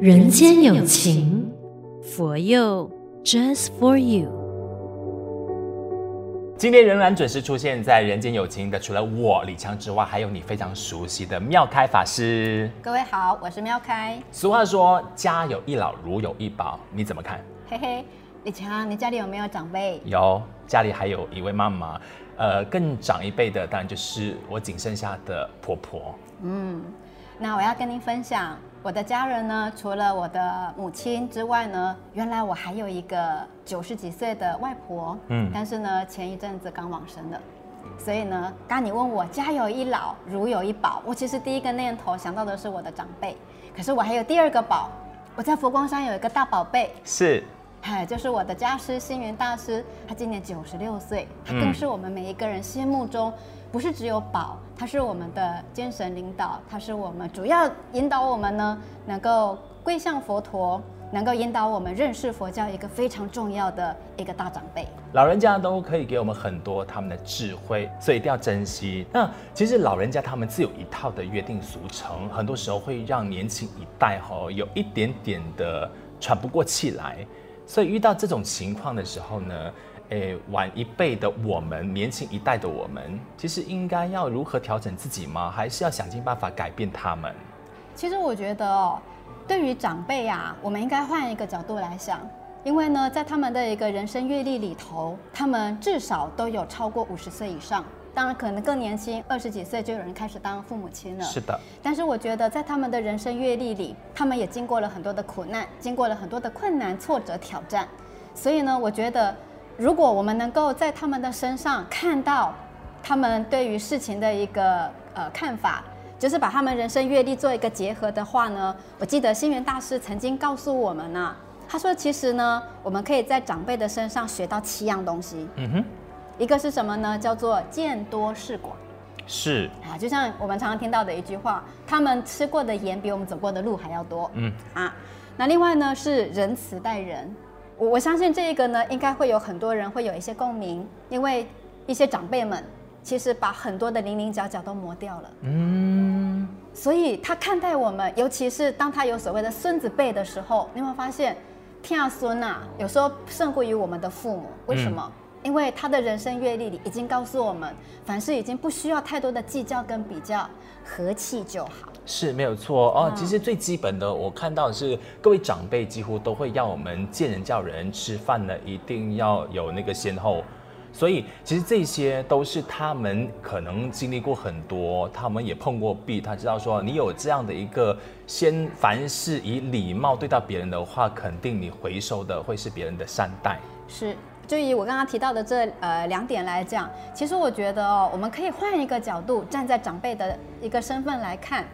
人間有情，佛又 Just for you。今天仍然準時出現在《人間有情》的，除了我理強之外，還有你非常熟悉的妙開法師。各位好，我是妙開。俗話說，家有一老，如有一寶。你怎麼看？嘿嘿，理強，你家裡有沒有長輩？有，家裡還有一位媽媽。呃，更長一輩的，當然就是我僅剩下的婆婆。嗯，那我要跟您分享。我的家人呢，除了我的母親之外呢，原來我還有一個九十幾歲的外婆，嗯，但是呢，前一陣子剛往生的，嗯。所以呢，剛你問我，家有一老如有一寶，我其實第一個念頭想到的是我的長輩，可是我還有第二個寶，我在佛光山有一個大寶貝，是，嗨、哎，就是我的家師星雲大師，他今年九十六歲，他更是我們每一個人心目中。嗯不是只有寶，他是我們的精神領導，他是我們主要引導我們呢，能夠歸向佛陀，能夠引導我們認識佛教一個非常重要的一個大長輩。老人家都可以給我們很多他們的智慧，所以一定要珍惜。那其實老人家他們自有一套的約定俗成，很多時候會讓年輕一代哈、哦、有一點點的喘不過氣來，所以遇到這種情況的時候呢，誒，晚一輩的我們，年輕一代的我們，其實應該要如何調整自己嗎？還是要想盡辦法改變他們？其實我覺得哦，對於長輩啊，我們應該換一個角度來想，因為呢，在他們的一個人生閱歷裡頭，他們至少都有超過五十歲以上，當然可能更年輕，二十幾歲就有人開始當父母親了。是的。但是我覺得，在他們的人生閱歷裡，他們也經過了很多的苦難，經過了很多的困難、挫折、挑戰，所以呢，我覺得。如果我們能夠在他們的身上看到他們對於事情的一個呃看法，就是把他們人生閱歷做一個結合的話呢，我記得星雲大師曾經告訴我們呢、啊，他說其實呢，我們可以在長輩的身上學到七樣東西。嗯哼，一個是什麼呢？叫做見多識廣。是啊，就像我們常常聽到的一句話，他們吃過的鹽比我們走過的路還要多。嗯，啊，那另外呢是仁慈待人。我相信這一個呢，應該會有很多人會有一些共鳴，因為一些長輩們其實把很多的稜稜角角都磨掉了。嗯，所以他看待我們，尤其是當他有所謂的孫子輩的時候，你會發現，天啊，孫啊，有時候勝過於我們的父母，為什麼？嗯因為他的人生閱歷里已經告訴我們，凡事已經不需要太多的計較跟比較，和氣就好。是，沒有錯哦，嗯。其實最基本的，我看到的是各位長輩幾乎都會要我們見人叫人，吃飯呢一定要有那個先後。所以其實這些都是他們可能經歷過很多，他們也碰過壁，他知道說你有這樣的一個先，凡事以禮貌對待別人的話，肯定你回收的會是別人的善待。是。就以我剛剛提到的這呃兩點來講，其實我覺得哦，我們可以換一個角度，站在長輩的一個身份來看。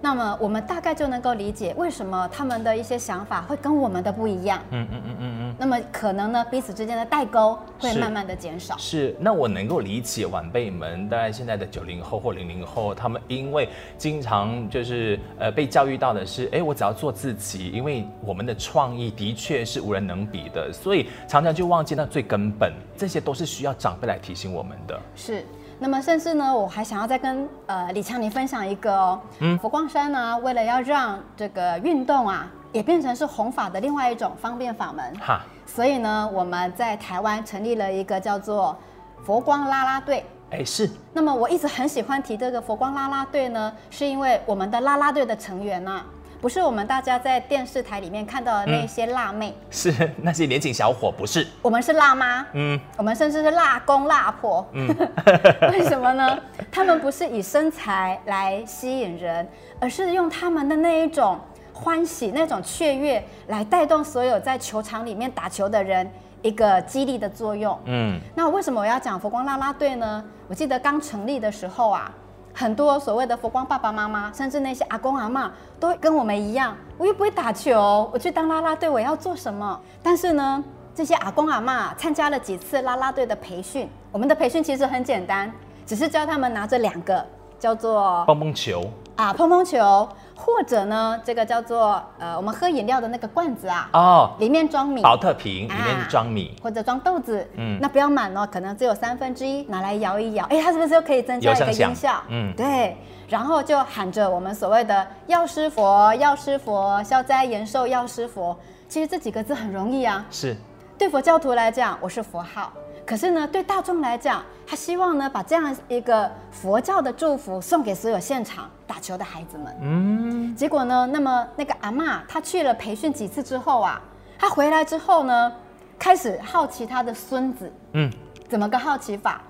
那麼我們大概就能夠理解為什麼他們的一些想法會跟我們的不一樣。嗯嗯嗯嗯嗯。那麼可能呢，彼此之間的代溝會慢慢的減少。是。是，那我能夠理解晚輩們，當然現在的九零後或零零後，他們因為經常就是呃被教育到的是，哎，我只要做自己，因為我們的創意的確是無人能比的，所以常常就忘記那最根本，這些都是需要長輩來提醒我們的。是。那麼，甚至呢，我還想要再跟呃理強，你分享一個哦、喔，嗯，佛光山呢、啊，為了要讓這個運動啊，也變成是弘法的另外一種方便法門，哈，所以呢，我們在台灣成立了一個叫做佛光拉拉隊，哎、欸，是。那麼我一直很喜歡提這個佛光拉拉隊呢，是因為我們的拉拉隊的成員呢、啊。不是我們大家在電視台裡面看到的那些辣妹，嗯、是那些年輕小伙，不是我們是辣媽，嗯，我們甚至是辣公辣婆，嗯、 為什麼呢？ 他們不是以身材來吸引人，而是用他們的那一種歡喜、那種雀躍來帶動所有在球場裡面打球的人一個激勵的作用。嗯，那為什麼我要講佛光拉拉隊呢？我記得剛成立的時候啊。很多所謂的佛光爸爸媽媽，甚至那些阿公阿嬤，都跟我們一樣。我又不會打球，我去當啦啦隊，我要做什麼？但是呢，這些阿公阿嬤參加了幾次啦啦隊的培訓。我們的培訓其實很簡單，只是教他們拿着兩個叫做棒棒球。啊，乒乓球，或者呢，這個叫做呃，我們喝飲料的那個罐子啊，哦、oh,，裡面裝米，寶特瓶裡面是裝米，啊，或者裝豆子，嗯，那不要滿了，哦，可能只有三分之一，拿來搖一搖，哎，它是不是又可以增加一個音效？嗯，對，然後就喊着我們所謂的藥師佛，藥師佛，佛，消災延壽藥師佛，其實這幾個字很容易啊，是，對佛教徒來講，我是佛號。可是呢，對大眾來講，他希望呢，把這樣一個佛教的祝福送給所有現場打球的孩子們。嗯，結果呢，那麼那個阿嬤，他去了培訓幾次之後啊，他回來之後呢，開始好奇他的孫子。嗯，怎麼個好奇法？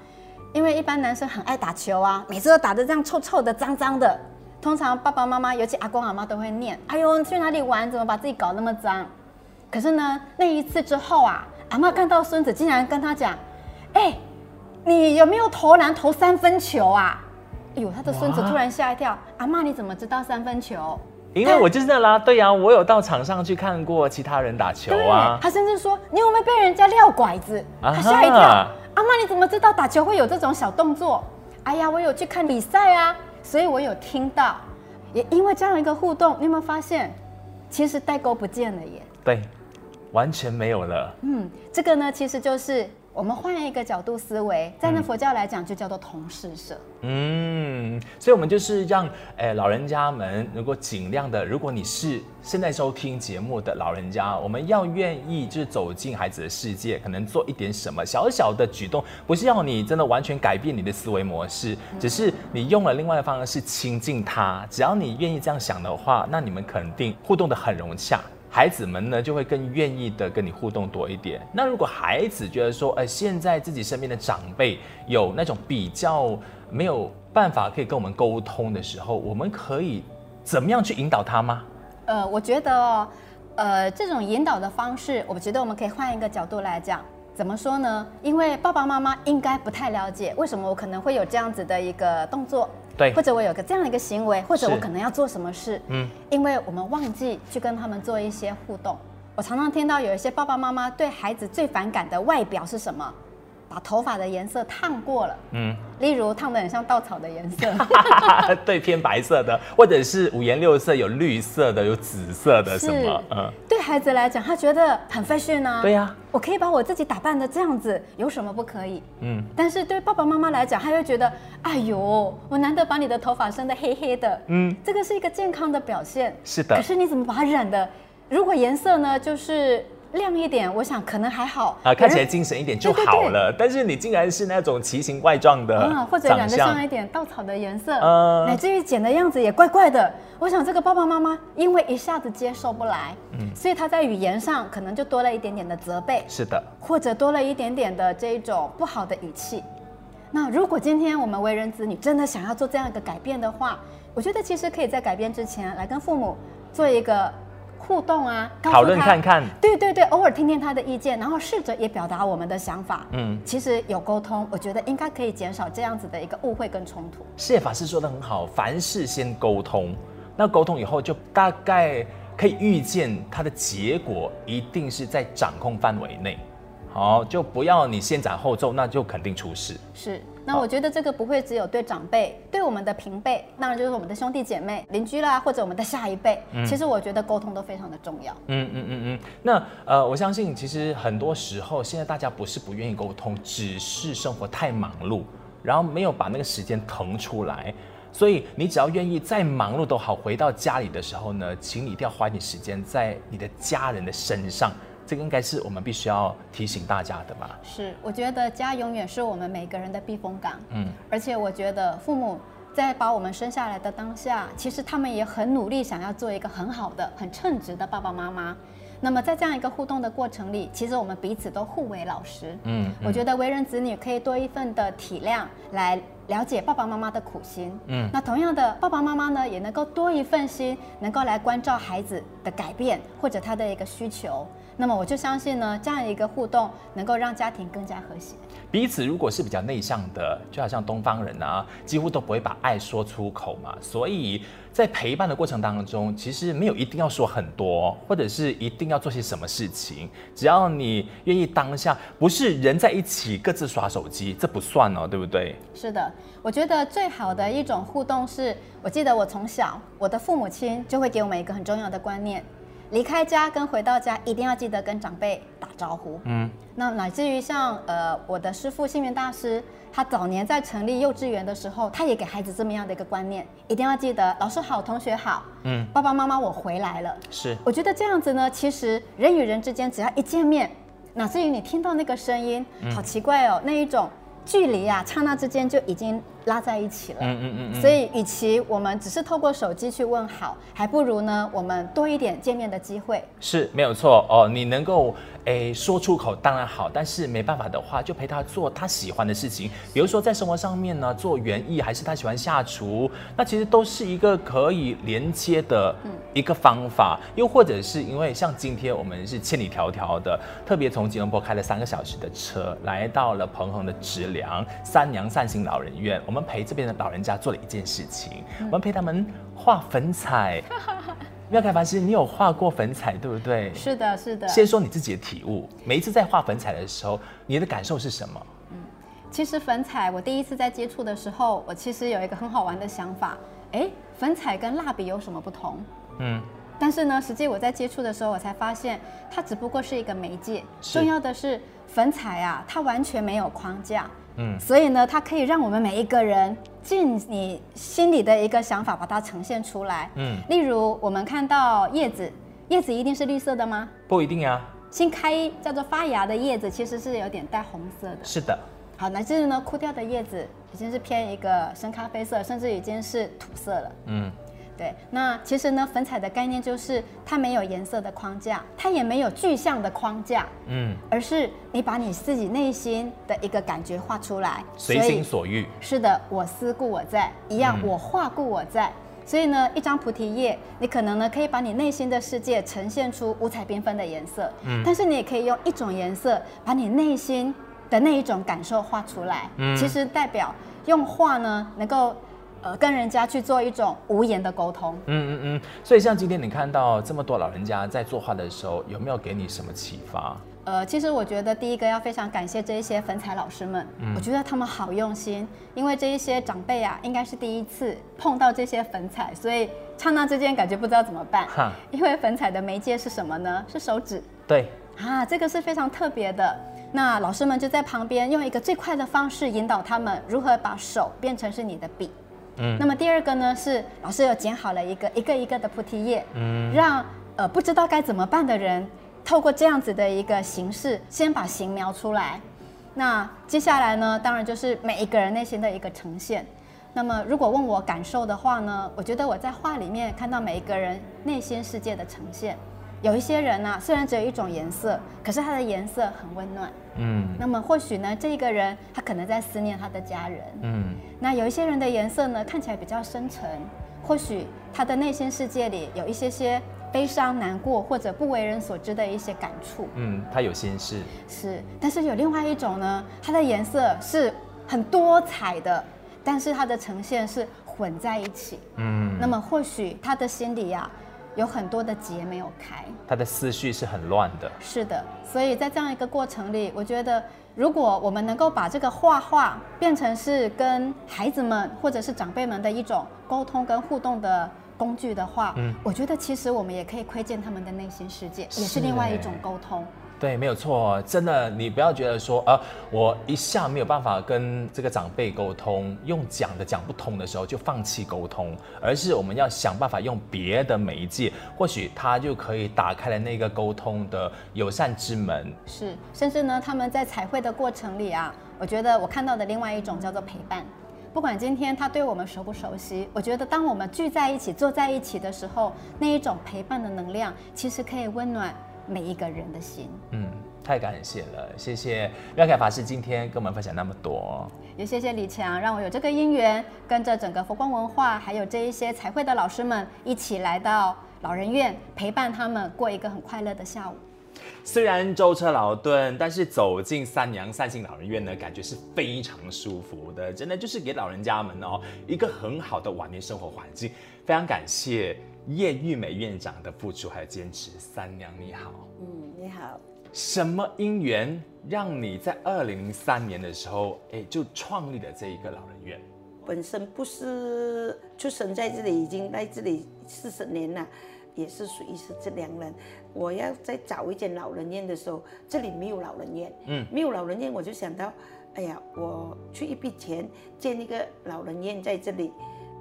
因為一般男生很愛打球啊，每次都打得這樣臭臭的、髒髒的。通常爸爸媽媽，尤其阿公阿嬤都會念：“哎呦，去哪裡玩？怎麼把自己搞那麼髒？”可是呢，那一次之後啊。阿媽看到孫子竟然跟他講：“哎、欸，你有沒有投籃、投三分球啊？”哎呦，他的孫子突然嚇一跳：“阿媽，你怎麼知道三分球？”因為我就是那拉對呀、啊啊，我有到場上去看過其他人打球啊。對對對他甚至說：“你有沒有被人家撂拐子？”啊、他嚇一跳：“阿媽，你怎麼知道打球會有這種小動作？”哎呀，我有去看比賽啊，所以我有聽到。也因為這樣一個互動，你有沒有發現，其實代溝不見了耶？對。完全沒有了。嗯，這個呢，其實就是我們換一個角度思維，在那佛教來講就叫做同事攝。嗯，所以我們就是讓誒、欸、老人家們，如果盡量的，如果你是現在收聽節目的老人家，我們要願意就是走進孩子的世界，可能做一點什麼小小的舉動，不是要你真的完全改變你的思維模式，只是你用了另外的方式親近他。只要你願意這樣想的話，那你們肯定互動得很融洽。孩子們呢，就會更願意的跟你互動多一點。那如果孩子覺得說，哎、呃，現在自己身邊的長輩有那種比較沒有辦法可以跟我們溝通的時候，我們可以怎麼樣去引導他嗎？呃，我覺得、哦，呃，這種引導的方式，我覺得我們可以換一個角度來講。怎麼說呢？因為爸爸媽媽應該不太了解為什麼我可能會有這樣子的一個動作。對，或者我有個這樣的一個行為，或者我可能要做什麼事，嗯，因為我們忘記去跟他們做一些互動。我常常聽到有一些爸爸媽媽對孩子最反感的外表是什麼？把頭髮的顏色燙過了，嗯，例如燙得很像稻草的顏色， 對，偏白色的，或者是五顏六色，有綠色的，有紫色的，什麼，嗯。孩子來講，他覺得很 fashion 呢、啊。對呀、啊，我可以把我自己打扮得這樣子，有什麼不可以？嗯。但是對爸爸媽媽來講，他又覺得，哎呦，我難得把你的頭髮生得黑黑的，嗯，這個是一個健康的表現。是的。可是你怎麼把它染的？如果顏色呢，就是。亮一點，我想可能還好啊，看起來精神一點就好了。對對對，但是你竟然是那種奇形怪狀的，嗯啊，或者染得上一點稻草的顏色，呃，乃至於剪的樣子也怪怪的。呃、我想這個爸爸媽媽因為一下子接受不來，嗯，所以他在語言上可能就多了一點點的責備，是的，或者多了一點點的這一種不好的語氣。那如果今天我們為人子女真的想要做這樣一個改變的話，我覺得其實可以在改變之前來跟父母做一個。互動啊，討論看看，對對對，偶爾聽聽他的意見，然後試着也表達我們的想法。嗯，其實有溝通，我覺得應該可以減少這樣子的一個誤會跟衝突。謝法師說的很好，凡事先溝通，那溝通以後就大概可以預見它的結果一定是在掌控範圍內。好，就不要你先斬後奏，那就肯定出事。是。那我覺得這個不會只有對長輩，對我們的平輩，當然就是我們的兄弟姐妹、鄰居啦，或者我們的下一輩。其實我覺得溝通都非常的重要。嗯嗯嗯嗯。那呃，我相信其實很多時候現在大家不是不願意溝通，只是生活太忙碌，然後沒有把那個時間騰出來。所以你只要願意再忙碌都好，回到家裡的時候呢，請你一定要花點時間在你的家人的身上。這個應該是我們必須要提醒大家的吧？是，我覺得家永遠是我們每個人的避風港。嗯，而且我覺得父母在把我們生下來的當下，其實他們也很努力，想要做一個很好的、很稱職的爸爸媽媽。那麼在這樣一個互動的過程裡，其實我們彼此都互為老師。嗯，我覺得為人子女可以多一份的體諒，來了解爸爸媽媽的苦心。嗯，那同樣的，爸爸媽媽呢，也能夠多一份心，能夠來關照孩子的改變或者他的一個需求。那麼我就相信呢，這樣一個互動能夠讓家庭更加和諧。彼此如果是比較內向的，就好像東方人啊，幾乎都不會把愛說出口嘛。所以在陪伴的過程當中，其實沒有一定要說很多，或者是一定要做些什麼事情，只要你願意當下，不是人在一起各自刷手機，這不算哦，對不對？是的，我覺得最好的一種互動是，我記得我從小，我的父母親就會給我們一個很重要的觀念。離開家跟回到家，一定要記得跟長輩打招呼。嗯，那乃至於像呃我的師父星雲大師，他早年在成立幼稚園的時候，他也給孩子這麼樣的一個觀念，一定要記得老師好，同學好。嗯，爸爸媽媽我回來了。是，我覺得這樣子呢，其實人與人之間只要一見面，乃至於你聽到那個聲音，嗯、好奇怪哦，那一種。距離啊，剎那之間就已經拉在一起了。嗯嗯嗯。所以，與其我們只是透過手機去問好，還不如呢，我們多一點見面的機會。是沒有錯哦，你能夠。哎，說出口當然好，但是沒辦法的話，就陪他做他喜歡的事情，比如說在生活上面呢，做園藝還是他喜歡下廚，那其實都是一個可以連接的一個方法。又、嗯、或者是因為像今天我們是千里迢迢的，特別從吉隆坡開了三個小時的車，來到了彭亨的直涼三娘善心老人院，我們陪這邊的老人家做了一件事情，我們陪他們畫粉彩。嗯 妙開法師，你有畫過粉彩對不對？是的，是的。先說你自己的體悟，每一次在畫粉彩的時候，你的感受是什麼？嗯，其實粉彩我第一次在接觸的時候，我其實有一個很好玩的想法，哎，粉彩跟蠟筆有什麼不同？嗯，但是呢，實際我在接觸的時候，我才發現它只不過是一個媒介，重要的是粉彩啊，它完全沒有框架。嗯、所以呢，它可以讓我們每一個人盡你心裡的一個想法，把它呈現出來。嗯、例如我們看到葉子，葉子一定是綠色的嗎？不一定呀、啊。新開叫做發芽的葉子，其實是有點帶紅色的。是的。好，那這是呢枯掉的葉子，已經是偏一個深咖啡色，甚至已經是土色了。嗯。對，那其實呢，粉彩的概念就是它沒有顏色的框架，它也沒有具象的框架，嗯，而是你把你自己內心的一個感覺畫出來，隨心所欲。是的，我思故我在，一樣，嗯，我畫故我在。所以呢，一張菩提葉，你可能呢可以把你內心的世界呈現出五彩繽紛的顏色，嗯，但是你也可以用一種顏色把你內心的那一種感受畫出來，嗯，其實代表用畫呢能夠。呃，跟人家去做一種無言的溝通。嗯嗯嗯。所以像今天你看到這麼多老人家在作畫的時候，有沒有給你什麼啟發？呃，其實我覺得第一個要非常感謝這些粉彩老師們，嗯，我覺得他們好用心。因為這一些長輩啊，應該是第一次碰到這些粉彩，所以剎那之間感覺不知道怎麼辦。哈。因為粉彩的媒介是什麼呢？是手指。對。啊，這個是非常特別的。那老師們就在旁邊用一個最快的方式引導他們如何把手變成是你的筆。嗯，那麼第二個呢，是老師又剪好了一個一個一個的菩提葉，嗯，讓呃不知道該怎麼辦的人，透過這樣子的一個形式，先把形描出來。那接下來呢，當然就是每一個人內心的一個呈現。那麼如果問我感受的話呢，我覺得我在畫裡面看到每一個人內心世界的呈現。有一些人呢，啊，雖然只有一種顏色，可是它的顏色很溫暖。嗯，那麼或許呢，這個人他可能在思念他的家人。嗯，那有一些人的顏色呢，看起來比較深沉，或許他的內心世界裡有一些些悲傷、難過或者不為人所知的一些感觸。嗯，他有心事。是，但是有另外一種呢，他的顏色是很多彩的，但是他的呈現是混在一起。嗯，那麼或許他的心裡呀。有很多的結沒有開，他的思緒是很亂的。是的，所以在這樣一個過程裡，我覺得如果我們能夠把這個畫畫變成是跟孩子們或者是長輩們的一種溝通跟互動的工具的話，嗯，我覺得其實我們也可以窺見他們的內心世界，是也是另外一種溝通。對，沒有錯，真的，你不要覺得說啊，我一下沒有辦法跟這個長輩溝通，用講的講不通的時候就放棄溝通，而是我們要想辦法用別的媒介，或許他就可以打開了那個溝通的友善之門。是，甚至呢，他們在彩繪的過程裡啊，我覺得我看到的另外一種叫做陪伴。不管今天他對我們熟不熟悉，我覺得當我們聚在一起坐在一起的時候，那一種陪伴的能量其實可以溫暖。每一個人的心，嗯，太感謝了，謝謝妙開法師今天跟我們分享那麼多，也謝謝理強讓我有這個因緣跟着整個佛光文化還有這一些彩繪的老師們一起來到老人院陪伴他們過一個很快樂的下午。雖然舟車勞頓，但是走進叁娘善心老人院呢，感覺是非常舒服的，真的就是給老人家們哦、喔、一個很好的晚年生活環境，非常感謝。葉玉梅院長的付出還有堅持，三娘你好，嗯，你好，什麼因緣讓你在二零零三年的時候，哎，就創立了這一個老人院？本身不是出生在這裡，已經在這裡四十年了，也是屬於是這兩人。我要再找一間老人院的時候，這裡沒有老人院，嗯，沒有老人院，我就想到，哎呀，我去一筆錢建一個老人院在這裡，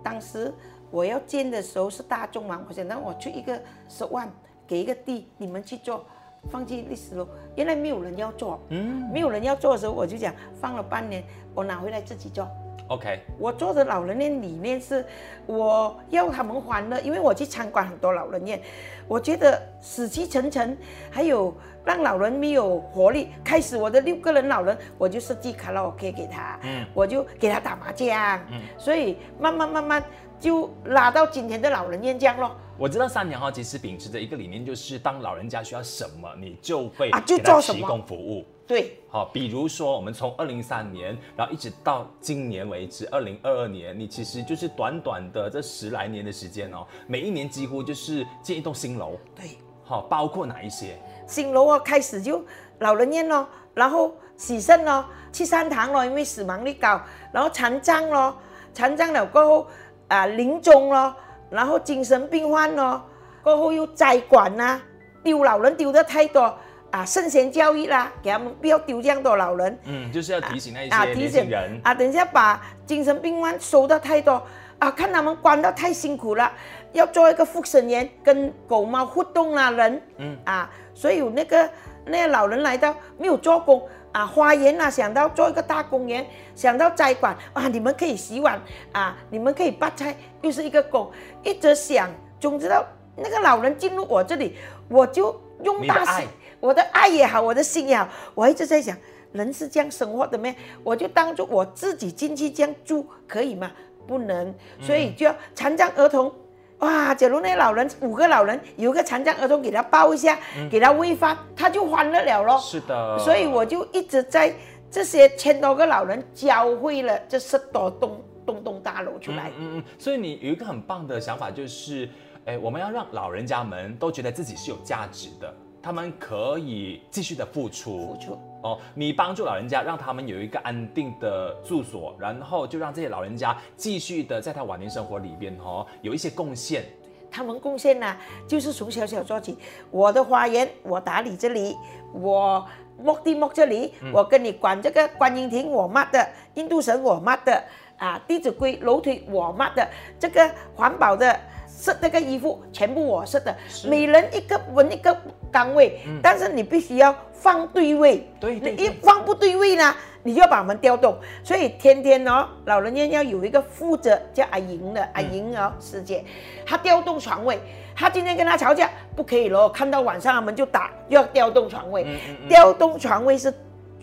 當時。我要建的時候是大眾嘛，我想那我出一個十萬，給一個地，你們去做，放棄歷史了，原來沒有人要做，嗯，沒有人要做的時候，我就講放了半年，我拿回來自己做。OK，我做的老人院理念是，我要他們歡樂，因為我去參觀很多老人院，我覺得死氣沉沉，還有讓老人沒有活力。開始我的六個人老人，我就設計卡拉 OK 給他，嗯、我就給他打麻將、嗯，所以慢慢慢慢就拉到今天的老人院這樣咯。我知道三娘哦其實秉持着一個理念，就是當老人家需要什麼，你就會啊就做什麼提供服務。啊對，好，比如說我們從二零一三年，然後一直到今年為止，二零二二年，你其實就是短短的這十來年的時間哦，每一年幾乎就是建一棟新樓。對，好，包括哪一些？新樓啊，開始就老人院咯，然後洗腎咯，去三堂咯，因為死亡率高，然後殘障咯，殘障了過後啊、呃，臨終咯，然後精神病患咯，過後又在管吶、啊，丟老人丟得太多。啊，聖賢教育啦，給他們不要丟這樣多老人。嗯，就是要提醒那一些、啊啊、提醒些人啊，等一下把精神病院收的太多啊，看他們關的太辛苦了，要做一個護生員，跟狗貓互動啊，人嗯啊，所以有那個那個、老人來到，沒有做工啊，花園啊，想到做一個大公園，想到栽管，哇，你們可以洗碗啊，你們可以拔菜，又、就是一個工，一直想，總之到那個老人進入我這裡，我就用大愛。我的愛也好，我的心也好，我一直在想，人是這樣生活的咩？我就當做我自己進去這樣住，可以嗎？不能，嗯、所以就要殘障兒童。哇，假如那老人五個老人有一個殘障兒童給他抱一下，嗯、給他餵飯，他就歡樂了嘍。是的。所以我就一直在這些千多個老人教會了這十多棟棟棟大樓出來。嗯嗯。所以你有一個很棒的想法，就是、哎，我們要讓老人家們都覺得自己是有價值的。他們可以繼續的付出，付出哦。你幫助老人家，讓他們有一個安定的住所，然後就讓這些老人家繼續的在他晚年生活裡邊哈、哦、有一些貢獻。他們貢獻呢、啊，就是從小小做起。我的花園，我打理這裡；我抹地抹這裡；我跟你管這個觀音亭我，我抹的；印度神，我抹的；啊，《弟子規》樓梯我抹的；這個環保的。設那個衣服全部我設的。每人一個聞一個單位、嗯，但是你必須要放對位。對對對，你一放不對位呢，你就把他們調動。所以天天哦，老人家要有一個負責叫阿瑩的，嗯、阿瑩哦，師姐，她調動床位，她今天跟她吵架，不可以嘍，看到晚上他們就打，又要調動床位，嗯嗯嗯，調動床位是。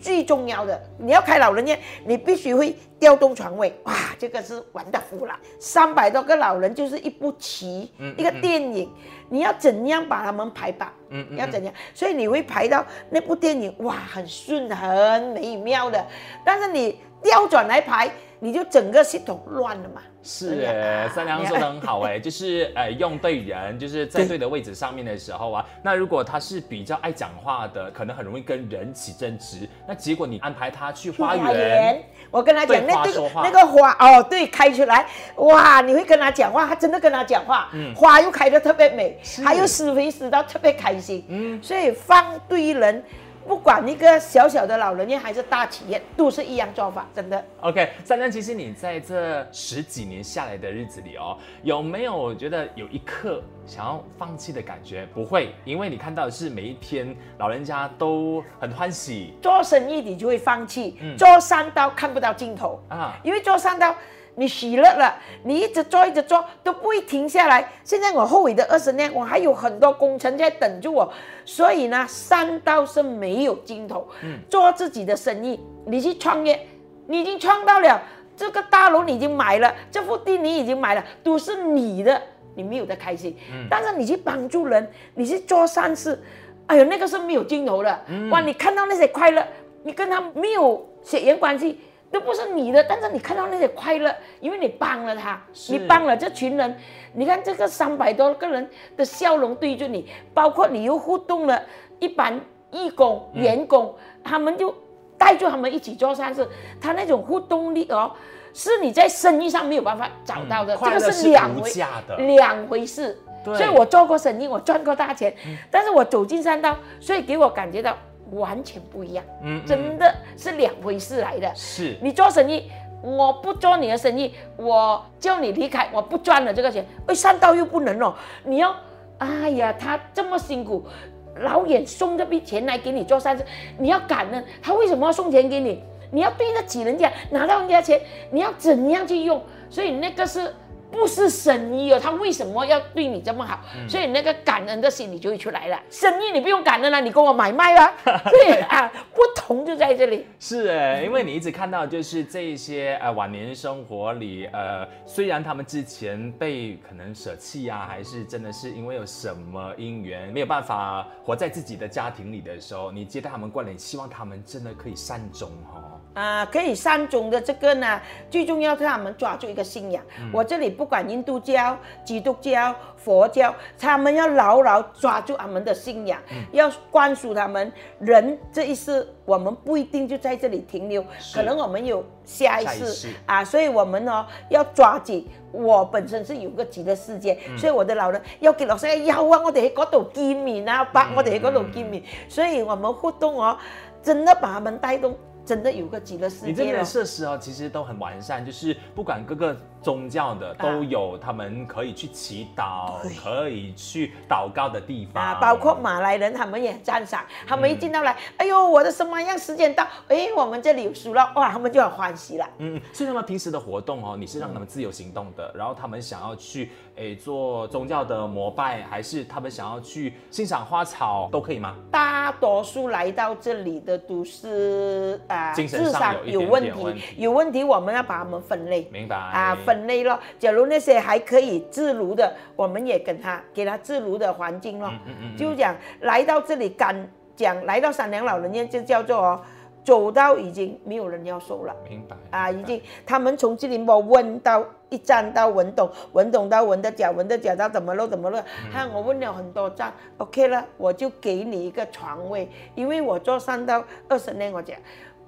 最重要的，你要開老人院，你必須會調動床位。哇，這個是玩的復了三百多個老人，就是一部棋，嗯嗯嗯，一個電影。你要怎樣把他們排版？嗯嗯嗯，要怎樣？所以你會排到那部電影，哇，很順，很美妙的。但是你調轉來排，你就整個系統亂了嘛。是哎，叁娘說的很好、欸、哎，就是哎、呃、用對人，就是在對的位置上面的時候啊。那如果他是比較愛講話的，可能很容易跟人起爭執。那結果你安排他去花園，我跟他講那對那個花哦，對，開出來哇，你會跟他講話，他真的跟他講話，嗯，花又開得特別美，他又施肥施到特別開心，嗯，所以放對人。不管一個小小的老人家還是大企業，都是一樣做法，真的。OK，珊珊，其實你在這十幾年下來的日子裡哦，有沒有覺得有一刻想要放棄的感覺？不會，因為你看到的是每一天老人家都很歡喜。做生意你就會放棄，嗯、做三刀看不到盡頭啊，因為做三刀，你喜樂了，你一直做一直做都不會停下來。現在我後悔的二十年，我還有很多工程在等着我。所以呢，三道是沒有盡頭、嗯。做自己的生意，你去創業，你已經創到了這個大樓，你已經買了這幅地，你已經買了，都是你的，你沒有的開心、嗯。但是你去幫助人，你去做善事，哎呀，那個是沒有盡頭的、嗯。哇，你看到那些快樂，你跟他沒有血緣關係。都不是你的，但是你看到那些快樂，因為你幫了他，你幫了這群人，你看這個三百多個人的笑容對着你，包括你又互動了一般義工、嗯、員工，他們就帶着他們一起做善事，他那種互動力哦，是你在生意上沒有辦法找到的，嗯、這個是兩回是的兩回事對。所以我做過生意，我賺過大錢，嗯、但是我走進山道，所以給我感覺到。完全不一樣，嗯嗯，真的是兩回事來的。是你做生意，我不做你的生意，我叫你離開，我不賺了這個錢。為、哎、善道又不能哦，你要，哎呀，他這麼辛苦，老遠送這筆錢來給你做善事，你要感恩。他為什麼要送錢給你？你要對得起人家，拿到人家錢，你要怎樣去用？所以那個是。不是生意哦，他為什麼要對你這麼好，嗯？所以那個感恩的心你就會出來了。生意你不用感恩了，啊，你跟我買賣了。所以 對啊，不同就在這裡。是哎、嗯，因為你一直看到就是這一些呃晚年生活裡呃，雖然他們之前被可能捨棄啊，還是真的是因為有什麼因緣沒有辦法活在自己的家庭裡的時候，你接待他們過來，你希望他們真的可以善終哦。啊、呃，可以善終的這個呢，最重要是他們抓住一個信仰。嗯、我這裡不。不管印度教、基督教、佛教，他們要牢牢抓住他們的信仰，嗯、要灌輸他們。人這一世，我們不一定就在這裡停留，可能我們有下一世啊。所以，我們呢、哦，要抓緊。我本身是有個極樂世界、嗯，所以我的老人、嗯、要給老師要啊，我哋喺嗰度見面啊，把、嗯、我哋喺嗰度見面。所以我們互動哦，真的把他們帶動，真的有個極樂世界。你這邊的設施哦，其實都很完善，就是不管各個。宗教的都有，他們可以去祈禱,、uh, 可去禱，可以去禱告的地方啊，uh, 包括馬來人，他們也很讚賞。他們一進到來，嗯、哎呦，我的什麼樣時間到？哎，我們這裡有樹了，哇，他們就很歡喜了。嗯所以他們平時的活動哦，你是讓他們自由行動的。嗯、然後他們想要去哎做宗教的膜拜，還是他們想要去欣賞花草，都可以嗎？大多數來到這裡的都是啊，精神上有點點問題，有問題，嗯、有問題我們要把他們分類，嗯、明白啊分。很累了，假如那些還可以自如的，我們也跟他給他自如的環境咯。嗯嗯嗯、就講來到這裡，敢講來到叁娘老人院，就叫做哦，走到已經沒有人要收了。明白。明白啊，已經他們從吉隆坡問到一站到文冬，文冬到文德甲，文德甲到怎麼了怎麼了看我問了很多站，嗯、OK 了，我就給你一個床位，因為我做三到二十年我家，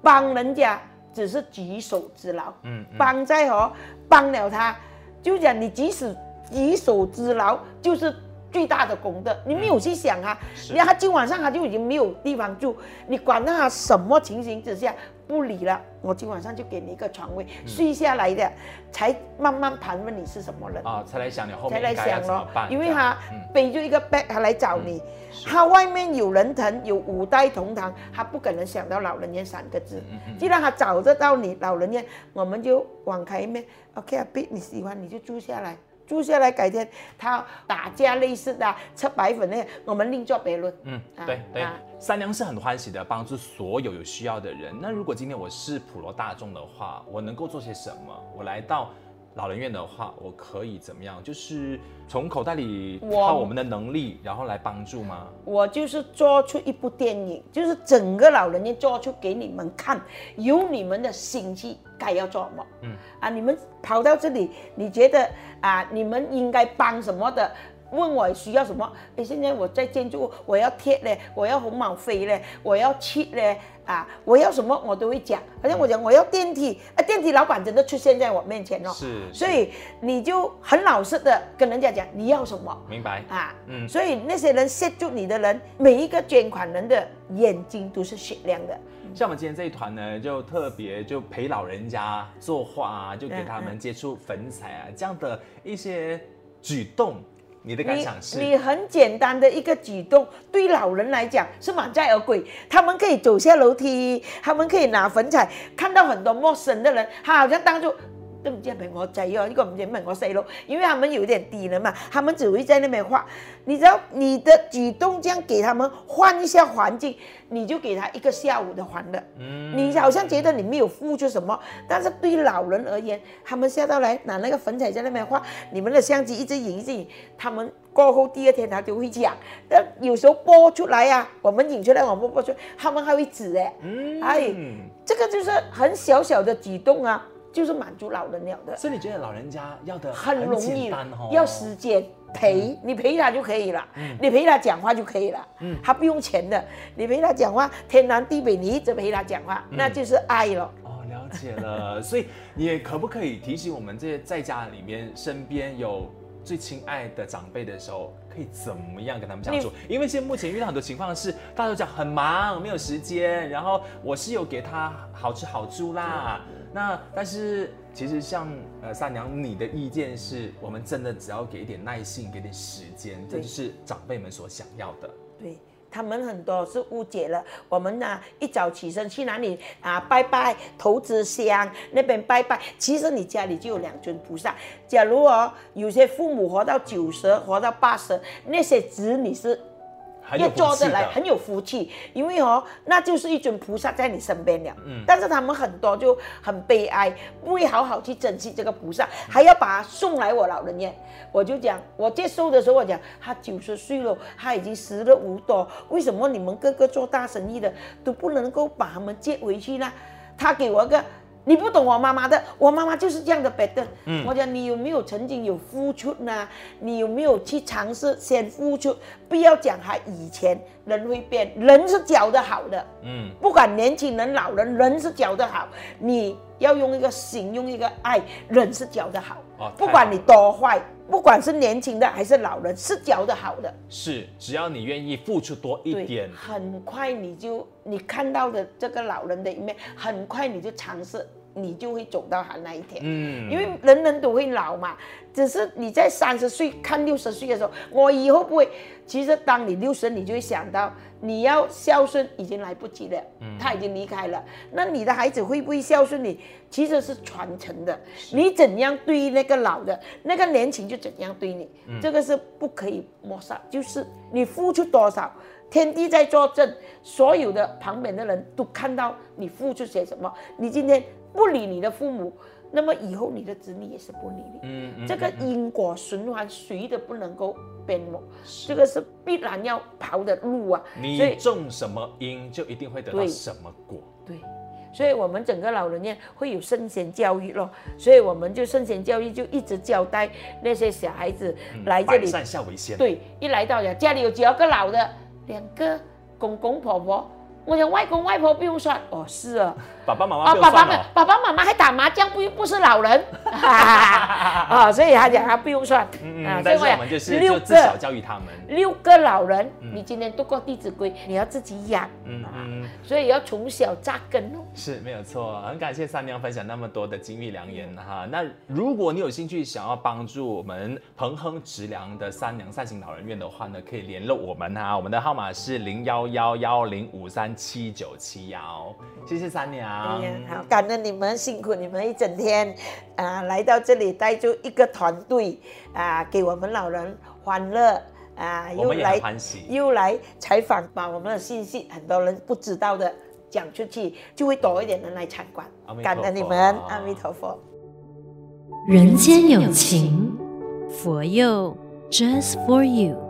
我講幫人家。只是舉手之勞，嗯，嗯幫在和、哦、幫了他，就講你即使舉手之勞，就是最大的功德。嗯、你沒有去想啊，你看他今晚上他就已經沒有地方住，你管他什麼情形之下。不理了，我今晚上就給你一個床位，嗯、睡下來的，才慢慢盤問你是什麼人啊，哦，才來想你後面該要怎麼辦，因為他背着，嗯、一個包，他來找你，嗯，他外面有人疼，有五代同堂，他不可能想到老人院三個字、嗯嗯嗯。既然他找着到你老人院，我們就網開一面，OK 啊，你喜歡你就住下來。住下來，改天他打架類似的，吃白粉那，我們另作別論。嗯，對對，啊、叁娘是很歡喜的，幫助所有有需要的人。那如果今天我是普羅大眾的話，我能夠做些什麼？我來到。老人院的話，我可以怎麼樣？就是從口袋裡靠我們的能力，然後來幫助嗎？我就是做出一部電影，就是整個老人院做出給你們看，有你們的心機該要做什麼。嗯啊，你們跑到這裡，你覺得啊，你們應該幫什麼的？問我需要什麼？誒，現在我在建築，我要貼嘞，我要紅毛飛嘞，我要砌嘞。啊，我要什麼我都會講，好像我講我要電梯，嗯、啊電梯老闆真的出現在我面前了。哦，是，所以你就很老實的跟人家講你要什麼，明白？啊，嗯，所以那些人協助你的人，每一個捐款人的眼睛都是雪亮的。像我們今天這一團呢，就特別就陪老人家作畫，啊，就給他們接觸粉彩啊，嗯、這樣的一些舉動。你的感想是？你，你很簡單的一個舉動，對老人來講是滿載而歸。他們可以走下樓梯，他們可以拿粉彩，看到很多陌生的人，他好像當作。更不借問我仔哦，一個唔借問我細路，因為他們有點低能嘛，他們只會在那邊畫。你知道你的舉動這樣給他們換一下環境，你就給他一個下午的歡樂。嗯，你好像覺得你沒有付出什麼，但是對老人而言，他們下到來拿那個粉彩在那邊畫，你們的相機一直影着，他們過後第二天他就會講。但有時候播出來呀、啊，我們影出來，我們播出來，他們還會指哎，哎，這個就是很小小的舉動啊。就是滿足老人了的，所以你覺得老人家要的很簡單哦、很容易，要時間陪、嗯，你陪他就可以了、嗯，你陪他講話就可以了，嗯，他不用錢的，你陪他講話，天南地北你一直陪他講話，嗯、那就是愛了。哦，了解了，所以你也可不可以提醒我們這些在家裡面身邊有最親愛的長輩的時候？可以怎麼樣跟他們相處？因為現在目前遇到很多情況是，大家都講很忙，沒有時間。然後我是有給他好吃好住啦。那但是其實像呃叁娘，你的意見是、嗯、我們真的只要給一點耐性，給點時間，這就是長輩們所想要的。對。對他們很多是誤解了我們呢、啊。一早起身去哪裡啊？拜拜，頭炷香那邊拜拜。其實你家裡就有兩尊菩薩。假如哦，有些父母活到九十，活到八十，那些子女是要做得來很有福，有福氣，因為哦，那就是一尊菩薩在你身邊了，嗯。但是他們很多就很悲哀，不會好好去珍惜這個菩薩，還要把他送來我老人院。我就講，我接受的時候，我講他九十歲了，他已經時日無多，為什麼你們個個做大生意的都不能夠把他們接回去呢？他給我一個。你不懂我媽媽的，我媽媽就是這樣的別的、嗯。我講，你有沒有曾經有付出呢？你有沒有去嘗試先付出？不要講他以前，人會變，人是教的好的。嗯，不管年輕人、老人，人是教的好。你要用一個心，用一個愛，人是教的好。哦，太好了。不管你多壞，不管是年輕的還是老人，是教的好的。是，只要你願意付出多一點，很快你就你看到的這個老人的一面，很快你就嘗試。你就會走到他那一天，嗯，因為人人都會老嘛。只是你在三十歲看六十歲的時候，我以後不會。其實，當你六十，你就會想到你要孝順已經來不及了，嗯，他已經離開了。那你的孩子會不會孝順你？其實是傳承的，你怎樣對那個老的，那個年輕就怎樣對你，這個是不可以抹殺。就是你付出多少，天地在作證，所有的旁邊的人都看到你付出些什麼。你今天。不理你的父母，那麼以後你的子女也是不理你。嗯,嗯這個因果循環誰都不能夠變哦，這個是必然要跑的路啊。你所以種什麼因，就一定會得到什麼果。對，對所以我們整個老人院會有聖賢教育咯，所以我們就聖賢教育就一直交代那些小孩子來這裡，百善孝為先。對，一來到家家裡有幾個老的，兩個公公婆婆，我想外公外婆不用說，哦是啊。爸爸媽媽哦，爸爸媽媽，爸爸媽媽還打麻將，不不是老人啊，啊、 哦，所以他講他不用算，嗯，另、嗯、外我,我們就是就從小教育他們，六個,六個老人、嗯，你今天讀過《弟子規》，你要自己養、啊嗯，嗯，所以要從小扎根哦，是沒有錯，很感謝三娘分享那麼多的金玉良言哈。那如果你有興趣想要幫助我們彭亨直涼的三娘善心老人院的話呢，可以聯絡我們哈、啊。我們的號碼是零幺幺幺零五三七九七幺，謝謝三娘。Um... Yeah, 好，感恩你們辛苦你們一整天，啊、呃，來到這裡帶着一個團隊啊、呃，給我們老人歡樂啊、呃，我們也歡喜，又來又來採訪，把我們的信息很多人不知道的講出去，就會多一點人來參觀。感恩你們，阿彌陀佛。人間有情，佛佑，Just for you。